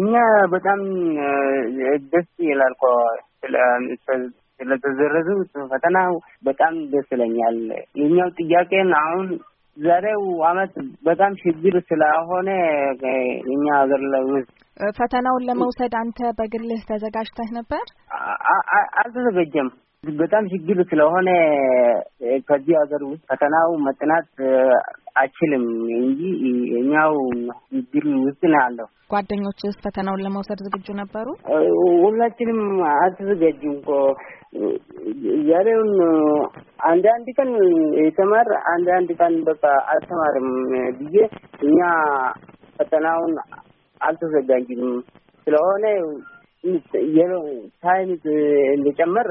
እኛ በጣም ደስ ይላል እኮ ስለተዘረዙት ፈተናው በጣም ደስ ይለኛል። የኛው ጥያቄን አሁን ዛሬው አመት በጣም ችግር ስለሆነ እኛ ሀገር ላይ ውስጥ ፈተናውን ለመውሰድ አንተ በግልህ ተዘጋጅተህ ነበር? አልተዘጋጀም። በጣም ችግር ስለሆነ ከዚህ ሀገር ውስጥ ፈተናው መጥናት አችልም እንጂ እኛው ችግር ውስጥ ነው ያለው። ጓደኞችስ ፈተናውን ለመውሰድ ዝግጁ ነበሩ? ሁላችንም አልተዘጋጁ እኮ ዛሬውን አንዳንድ ቀን የተማር አንዳንድ ቀን በቃ አልተማርም ብዬ እኛ ፈተናውን አልተዘጋጅም ስለሆነ ታይም እንደጨመር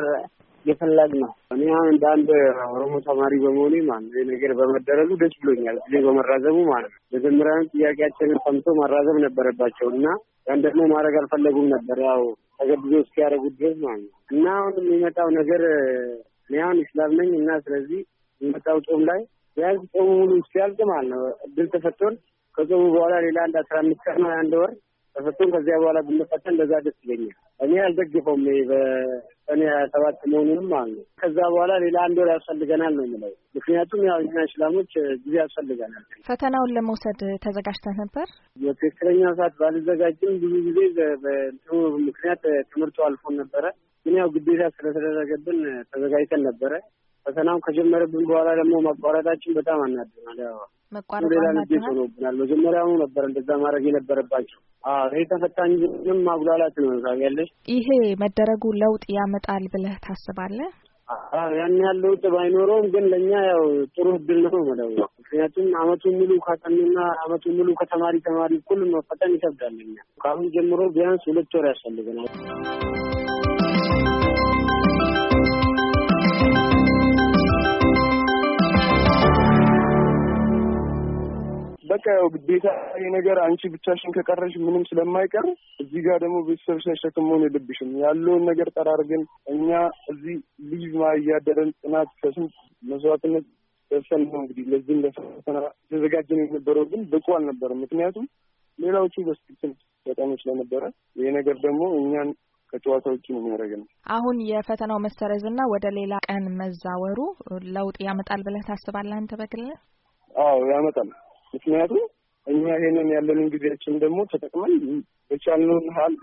የፈላግ ነው። እኔ እንደ አንድ ኦሮሞ ተማሪ በመሆኔ ማለት ነው ነገር በመደረጉ ደስ ብሎኛል። ጊዜ በመራዘሙ ማለት ነው። መጀመሪያን ጥያቄያችንን ሰምቶ ማራዘም ነበረባቸው እና ያን ደግሞ ማድረግ አልፈለጉም ነበር ያው ተገድዞ እስኪያደረጉ ድረስ ማለት ነው እና አሁን የሚመጣው ነገር እኔ አሁን ኢስላም ነኝ እና ስለዚህ የሚመጣው ጾም ላይ ቢያንስ ጾሙ ሙሉ እስኪያልቅ ማለት ነው እድል ተሰጥቶን ከጾሙ በኋላ ሌላ አንድ አስራ አምስት ቀን ነው አንድ ወር ተፈቶን ከዚያ በኋላ ብንፈተን እንደዛ ደስ ይለኛል። እኔ አልደግፈውም በሰኔ ሀያ ሰባት መሆኑንም አሉ። ከዛ በኋላ ሌላ አንድ ወር ያስፈልገናል ነው የምለው። ምክንያቱም ያው እኛ እስላሞች ጊዜ ያስፈልገናል። ፈተናውን ለመውሰድ ተዘጋጅተህ ነበር? በትክክለኛ ሰዓት ባልዘጋጅም ብዙ ጊዜ ምክንያት ትምህርቱ አልፎን ነበረ። ግን ያው ግዴታ ስለተደረገብን ተዘጋጅተን ነበረ። ፈተናም ከጀመረብን በኋላ ደግሞ መቋረጣችን በጣም አናደናል። ያው ሌላ ንዴት ሆኖብናል። መጀመሪያውኑ ነበር እንደዛ ማድረግ የነበረባቸው። ይህ ተፈታኝ ምንም ማጉላላት ነው ታውቂያለሽ። ይሄ መደረጉ ለውጥ ያመጣል ብለህ ታስባለህ? ያን ያለው ውጥ ባይኖረውም ግን ለእኛ ያው ጥሩ እድል ነው መለው። ምክንያቱም አመቱን ሙሉ ካጠኑና አመቱን ሙሉ ከተማሪ ተማሪ እኩል መፈጠን ይከብዳል። እኛ ከአሁን ጀምሮ ቢያንስ ሁለት ወር ያስፈልገናል። በቃ ያው ግዴታ ነገር አንቺ ብቻሽን ከቀረሽ ምንም ስለማይቀር እዚህ ጋር ደግሞ ቤተሰብ ሳይሸክም መሆን የለብሽም። ያለውን ነገር ጠራርግን እኛ እዚህ ልጅ እያደረን ጥናት ከስንት መስዋዕትነት ደርሰን ነው እንግዲህ ለዚህም ለፈተና ተዘጋጀን የነበረው፣ ግን ብቁ አልነበረም። ምክንያቱም ሌላዎቹ በስትክክል በጣም ስለነበረ ይሄ ነገር ደግሞ እኛን ከጨዋታ ውጭ ነው የሚያደርገን። አሁን የፈተናው መሰረዝ እና ወደ ሌላ ቀን መዛወሩ ለውጥ ያመጣል ብለህ ታስባለህ አንተ በግልህ? አዎ ያመጣል። ምክንያቱም እኛ ይሄንን ያለንን ጊዜያችን ደግሞ ተጠቅመን የቻልነውን ሀል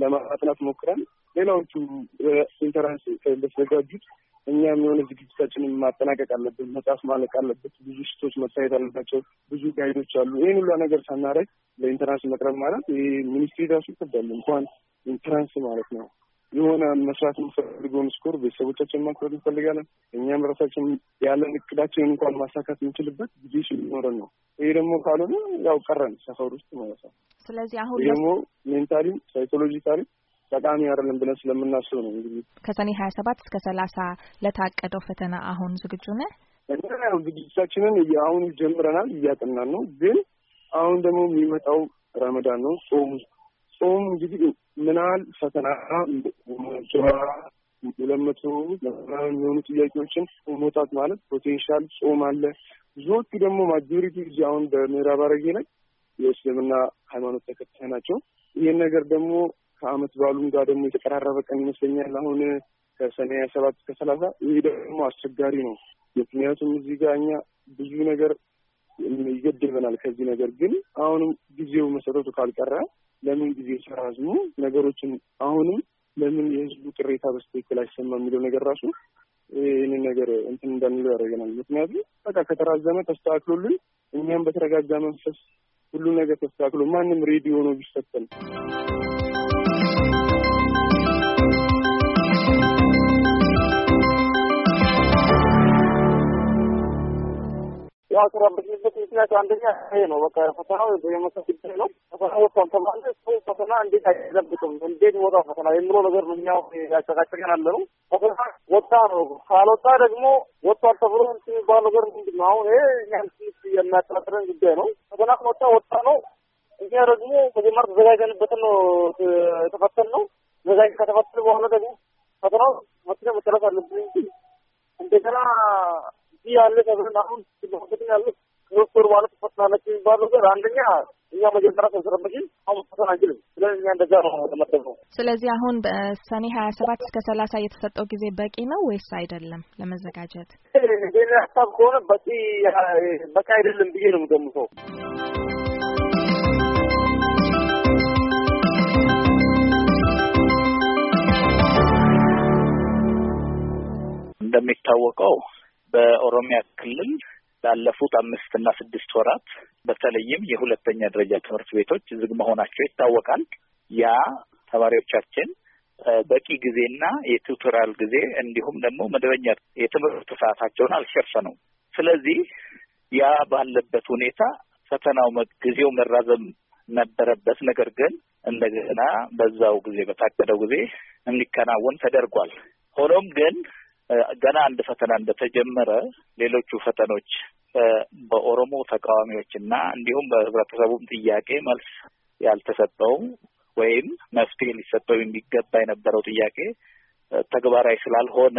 ለማጥናት ሞክረን ሌላዎቹ ኢንተራንስ እንደተዘጋጁት እኛም የሆነ ዝግጅታችንን ማጠናቀቅ አለብን። መጽሐፍ ማለቅ አለበት። ብዙ ሽቶች መታየት አለባቸው። ብዙ ጋይዶች አሉ። ይህን ሁሉ ነገር ሳናረግ ለኢንተራንስ መቅረብ ማለት ይህ ሚኒስትሪ ራሱ ይከብዳል፣ እንኳን ኢንተራንስ ማለት ነው። የሆነ መስራት የምፈልገውን ስኮር ቤተሰቦቻችን ማክበር እንፈልጋለን። እኛም ራሳችን ያለን እቅዳችንን እንኳን ማሳካት የምንችልበት ጊዜ ሲኖረን ነው። ይሄ ደግሞ ካልሆነ ያው ቀረን ሰፈር ውስጥ ማለት ነው። ስለዚህ አሁን ደግሞ ሜንታሊ ሳይኮሎጂካሊ ጠቃሚ አይደለም ብለን ስለምናስብ ነው እንግዲህ ከሰኔ ሀያ ሰባት እስከ ሰላሳ ለታቀደው ፈተና አሁን ዝግጁ ነ ዝግጅታችንን አሁን ጀምረናል፣ እያጠናን ነው። ግን አሁን ደግሞ የሚመጣው ረመዳን ነው ጾም ጾም እንግዲህ ምናል ፈተና ስራ ሁለት መቶ የሆኑ ጥያቄዎችን መውጣት ማለት ፖቴንሻል ጾም አለ። ብዙዎቹ ደግሞ ማጆሪቲ እዚ አሁን በምዕራብ አረጌ ላይ የእስልምና ሃይማኖት ተከታይ ናቸው። ይህን ነገር ደግሞ ከአመት በዓሉም ጋር ደግሞ የተቀራረበ ቀን ይመስለኛል አሁን ከሰኔ ሀያ ሰባት ከሰላሳ ይህ ደግሞ አስቸጋሪ ነው። ምክንያቱም እዚህ ጋር እኛ ብዙ ነገር ይገድበናል። ከዚህ ነገር ግን አሁንም ጊዜው መሰረቱ ካልቀረ ለምን ጊዜ ሰራዝሙ ነገሮችን አሁንም ለምን የህዝቡ ቅሬታ በስትክክል አይሰማ የሚለው ነገር ራሱ ይህንን ነገር እንትን እንዳንለው ያደረገናል። ምክንያቱም በቃ ከተራዘመ ተስተካክሎልን እኛም በተረጋጋ መንፈስ ሁሉ ነገር ተስተካክሎ ማንም ሬዲዮ ነው ቢሰጠን ያቀረብንበት ምክንያት አንደኛ ይሄ ነው። በቃ ፈተናው የመሰ ጉዳይ ነው። ፈተና ወጥቷል ሰው ፈተና እንዴት አይዘብቅም? እንዴት ወጣ ፈተና የምለው ነገር ነው። እኛ ያጨቃጨቀን አለ ነው። ፈተና ወጣ ነው። ካልወጣ ደግሞ ወጥቷል ተብሎ የሚባል ነገር ምንድን ነው? አሁን ይሄ እኛ የሚያጠራጥረን ጉዳይ ነው። ፈተና ወጣ ወጣ ነው። እኛ ደግሞ መጀመሪያ ተዘጋጅተንበትን ነው የተፈተን ነው። ተዘጋጅተን ከተፈተን በኋላ ደግሞ ፈተናው መጥቶ መጨረስ አለብን እንጂ እንደገና ያለ ተብለን አሁን ሲመሰትን ያሉት ዶክተር ማለት ፈትናለች የሚባል ነገር አንደኛ እኛ መጀመሪያ ተሰረመችን አሁን ፈተና አንችልም። ስለዚህ እኛ እንደዛ ነው መጠብ ስለዚህ አሁን በሰኔ ሀያ ሰባት እስከ ሰላሳ የተሰጠው ጊዜ በቂ ነው ወይስ አይደለም ለመዘጋጀት? ይህን ሀሳብ ከሆነ በቂ በቂ አይደለም ብዬ ነው የምገምተው። እንደሚታወቀው በኦሮሚያ ክልል ላለፉት አምስት እና ስድስት ወራት በተለይም የሁለተኛ ደረጃ ትምህርት ቤቶች ዝግ መሆናቸው ይታወቃል። ያ ተማሪዎቻችን በቂ ጊዜና የቱቶሪያል ጊዜ እንዲሁም ደግሞ መደበኛ የትምህርት ሰዓታቸውን አልሸፈኑም። ስለዚህ ያ ባለበት ሁኔታ ፈተናው ጊዜው መራዘም ነበረበት። ነገር ግን እንደገና በዛው ጊዜ በታቀደው ጊዜ እንዲከናወን ተደርጓል። ሆኖም ግን ገና አንድ ፈተና እንደተጀመረ ሌሎቹ ፈተኖች በኦሮሞ ተቃዋሚዎች እና እንዲሁም በህብረተሰቡም ጥያቄ መልስ ያልተሰጠው ወይም መፍትሄ ሊሰጠው የሚገባ የነበረው ጥያቄ ተግባራዊ ስላልሆነ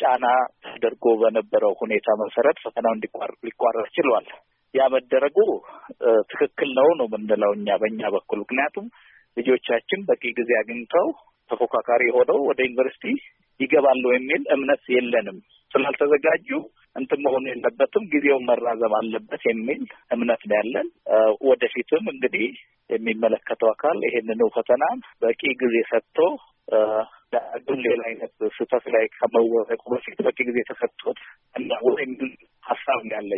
ጫና ተደርጎ በነበረው ሁኔታ መሰረት ፈተናው ሊቋረጥ ችሏል። ያ መደረጉ ትክክል ነው ነው የምንለው እኛ በእኛ በኩል ምክንያቱም ልጆቻችን በቂ ጊዜ አግኝተው ተፎካካሪ የሆነው ወደ ዩኒቨርሲቲ ይገባሉ የሚል እምነት የለንም። ስላልተዘጋጁ እንትን መሆኑ የለበትም፣ ጊዜውን መራዘም አለበት የሚል እምነት ነው ያለን። ወደፊትም እንግዲህ የሚመለከተው አካል ይሄንኑ ፈተና በቂ ጊዜ ሰጥቶ ዳግም ሌላ አይነት ስህተት ላይ ከመወረቁ በፊት በቂ ጊዜ ተሰጥቶት እና ወደ የሚል ሀሳብ ነው ያለኝ።